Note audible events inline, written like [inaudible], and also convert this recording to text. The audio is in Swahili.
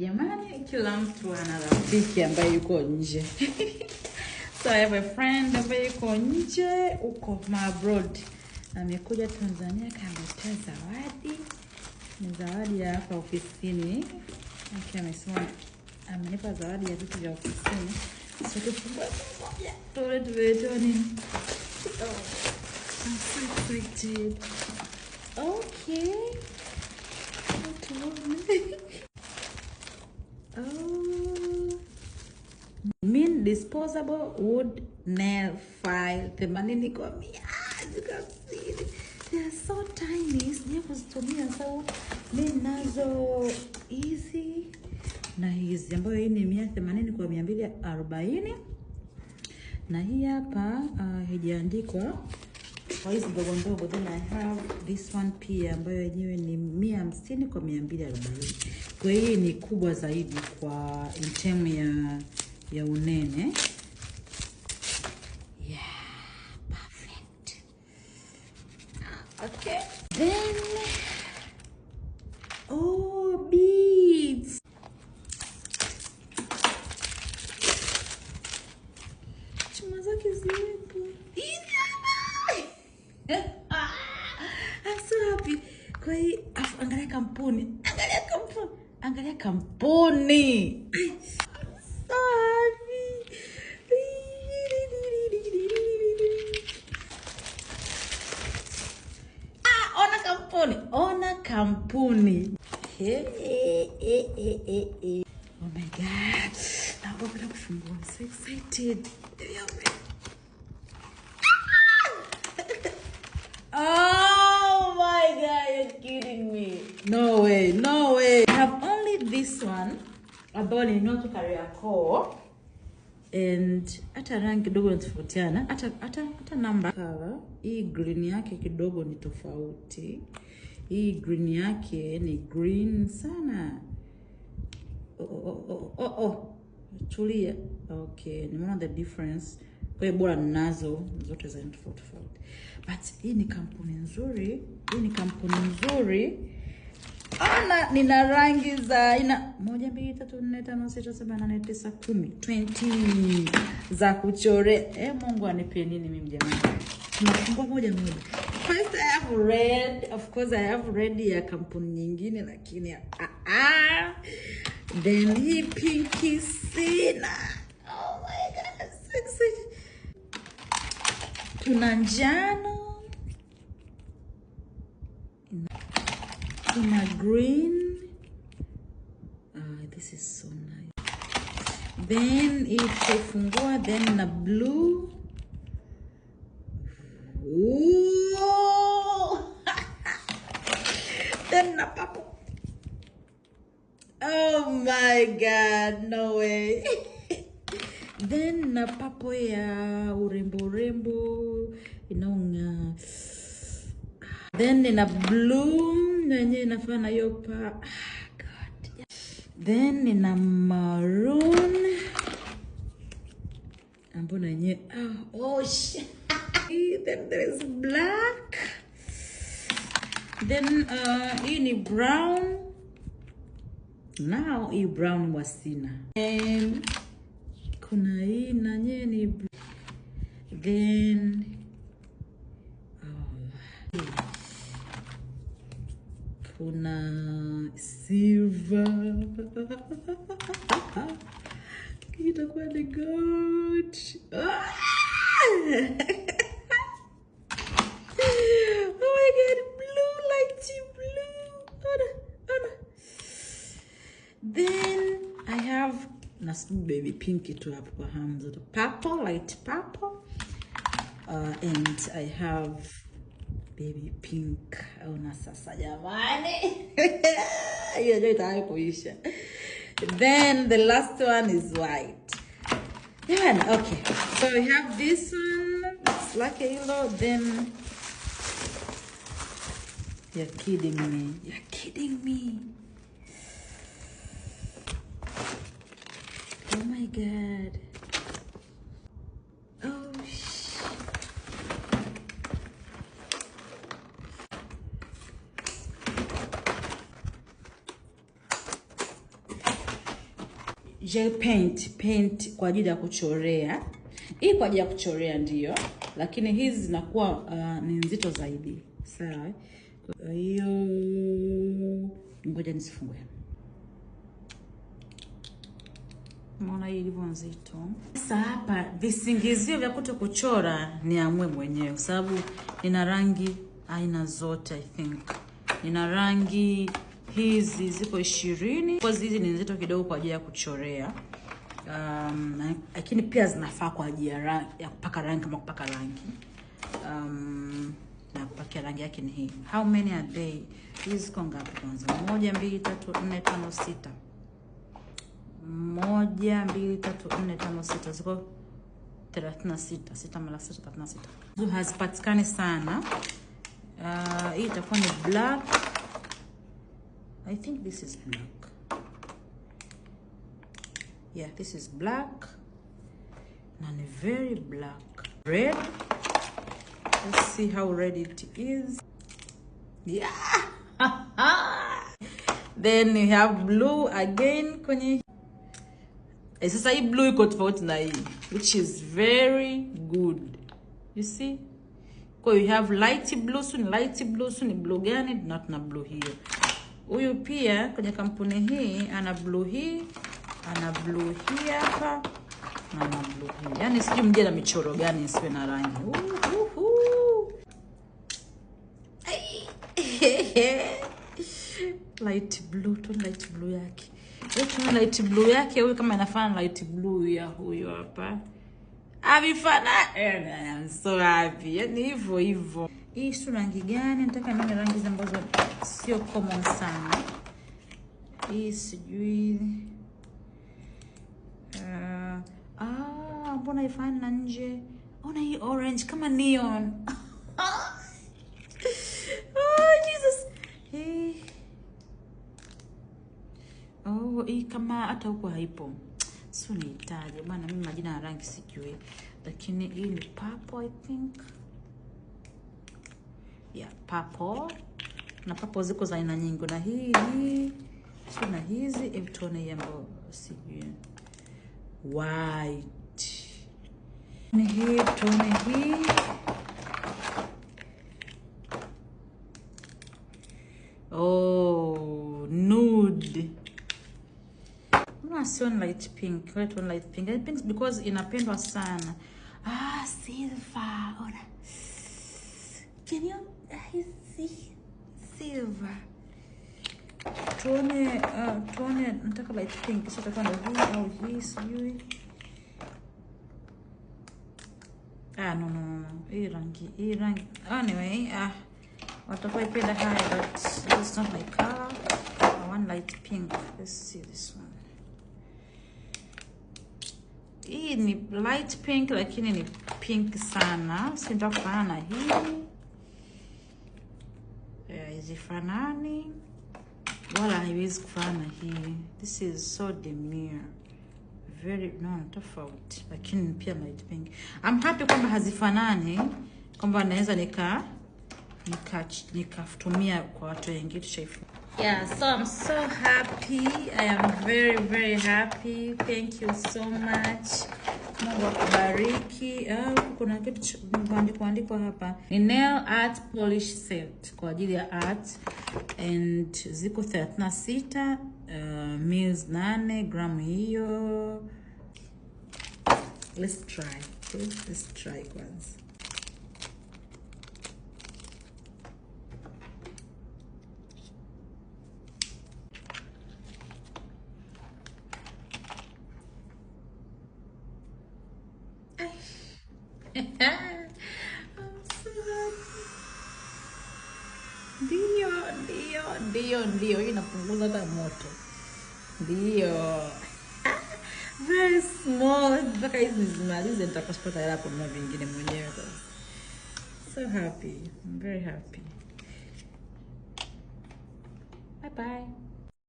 Jamani, kila mtu ana rafiki ambaye yuko nje [laughs] so I have a friend ambaye yuko nje uko abroad, amekuja Tanzania kaletea zawadi, ni zawadi ya hapa ofisini. Akiwa amesema amenipa zawadi ya vitu vya ofisini, so kifungua moja tole tumeletewa nini? Oh, I'm so excited. Okay. [laughs] disposable wood nail file The kwa mia. As you can see, it. they are so tiny, to me so mi nazo hizi na hizi, ambayo hii ni mia themanini kwa mia mbili arobaini na hii hapa ah, haijaandikwa uh, kwa hizi ndogo ndogo. Then I have this one pia ambayo yenyewe ni mia hamsini kwa mia mbili kwa hii ni kubwa zaidi kwa in term ya ya unene oh, [laughs] ah, angalia kampuni. Angalia kampuni. Angalia kampuni. mami. Oh my God. Naomba kwenda kufungua. so excited. Ah! Oh my God, you're kidding me. No way, no way. I have only this one ambayo nilinunua tu core. and hata rangi kidogo inatofautiana, hata hata hata namba. Hii green yake kidogo ni tofauti. Hii green yake ni green sana. Oh, oh, oh, oh, oh. oh. Tulia. Okay, nimeona the difference. Kwa hiyo bora ninazo zote za tofauti tofauti. But hii ni kampuni nzuri. Hii ni kampuni nzuri. Ana nina rangi za ina moja, mbili, tatu, nne, tano, sita, saba, nane, tisa, kumi, 20 za kuchore. Eh, Mungu anipe nini mimi jamani? Tunafungua moja moja. Kwanza ya eh, have read of course I have read ya kampuni nyingine, lakini ah, ah, then he pinky sina. Oh my God, sexy. Tuna njano, tuna green. Ah, this is so nice. Then itafungua then na blue. Ooh. tena papo oh my god no way [laughs] then na papo ya urembo urembo inaonga then ina bloom na inafaa inafana yopa. Ah, god then ina maroon Ambo na nenye oh, ah, oh shit [laughs] then there is black Then uh, hii ni brown. Nao hii brown wasina. And kuna hii ni then oh, kuna silver [laughs] itakuwa ni gold ah! [laughs] have nas baby pinky to have kwa hamza purple light purple uh, and i have baby pink Oh, sasa jamani [laughs] then the last one is white Then okay so we have this one it's like a yellow then you're kidding me you're kidding me Oh my god. Oh, Gel paint, paint kwa ajili ya kuchorea. Hii kwa ajili ya kuchorea ndiyo, lakini hizi zinakuwa uh, ni nzito zaidi. Sawa. Kwa hiyo ngoja nisifungue. Unaona hii ilivyo nzito. Sasa hapa visingizio vya kuto kuchora ni amue mwenyewe, sababu nina rangi aina zote. I think nina rangi hizi ziko ishirini. Kwa zizi ni nzito kidogo kwa ajili ya kuchorea, um, lakini um, pia zinafaa kwa ajili ya kupaka rangi kama kupaka rangi um, na kupakia rangi yake ni hii. How many are they? Hizi kwa ngapi kwanza? Moja, mbili, tatu, nne, tano, sita moja, mbili, tatu, nne, tano, sita ziko 36 sita sita mara sita sita 36. Hazipatikani sana. Uh, hii itakuwa ni black. I think this is black. Yeah, this is black na ni very black. Red. Let's see how red it is. Yeah. [laughs] Then we have blue again kwenye eh, sasa hii blue iko tofauti na hii which is very good you see kwa you have light blue su ni light blue su ni blue gani na tuna blue hiyo huyu pia kwenye kampuni hii ana blue hii ana blue hii hapa na ana blue hii yani sijui mje na michoro gani isiwe na rangi [laughs] light blue tu light blue yake Tuna light blue yake huyu, kama inafanana na light blue ya huyu hapa. Havifana. Ah, eh, I'm so happy. Yaani hivyo hivyo. Hii sio rangi gani? Nataka nione rangi ambazo sio common sana. Hii sijui. Uh, ah, mbona ifani nje? Ona hii orange kama neon. [laughs] hivyo hii eh, kama hata huko haipo, sio nihitaji bwana. Mimi majina ya rangi sijui, lakini hii ni purple I think ya yeah, purple na purple ziko za aina nyingi, na hii hii sio, na hizi hebu tuone hii sijui white ni hii, tone hii kama sio light pink wait on light pink i pink because inapendwa sana ah silver ona can you see silver Tone, uh, tuone nataka light pink kisha tutakuwa ndio hii au hii sijui ah no no no hii rangi hii rangi anyway ah watakuwa ipenda haya but this is not my color i want light pink let's see this one hii ni light pink lakini ni pink sana, sinda kufanana na hii eh, hazifanani wala haiwezi kufanana hii. This is so demure very no tofauti, lakini pia light pink. I'm happy kwamba hazifanani, kwamba naweza nika nikatumia nika kwa watu wengi tushaifu yeah so i'm so happy i am very very happy thank you so much mungu akubariki oh, kuna kitu kuandikwa hapa ni nail art polish set kwa ajili ya art and ziko 36 uh, mils 8 gramu hiyo let's try let's try kwanza Dio, Dio, Dio, Dio, inapunguza moto. Dio. Very small. hizi vingine mwenyewe. So happy. I'm very happy. Bye bye.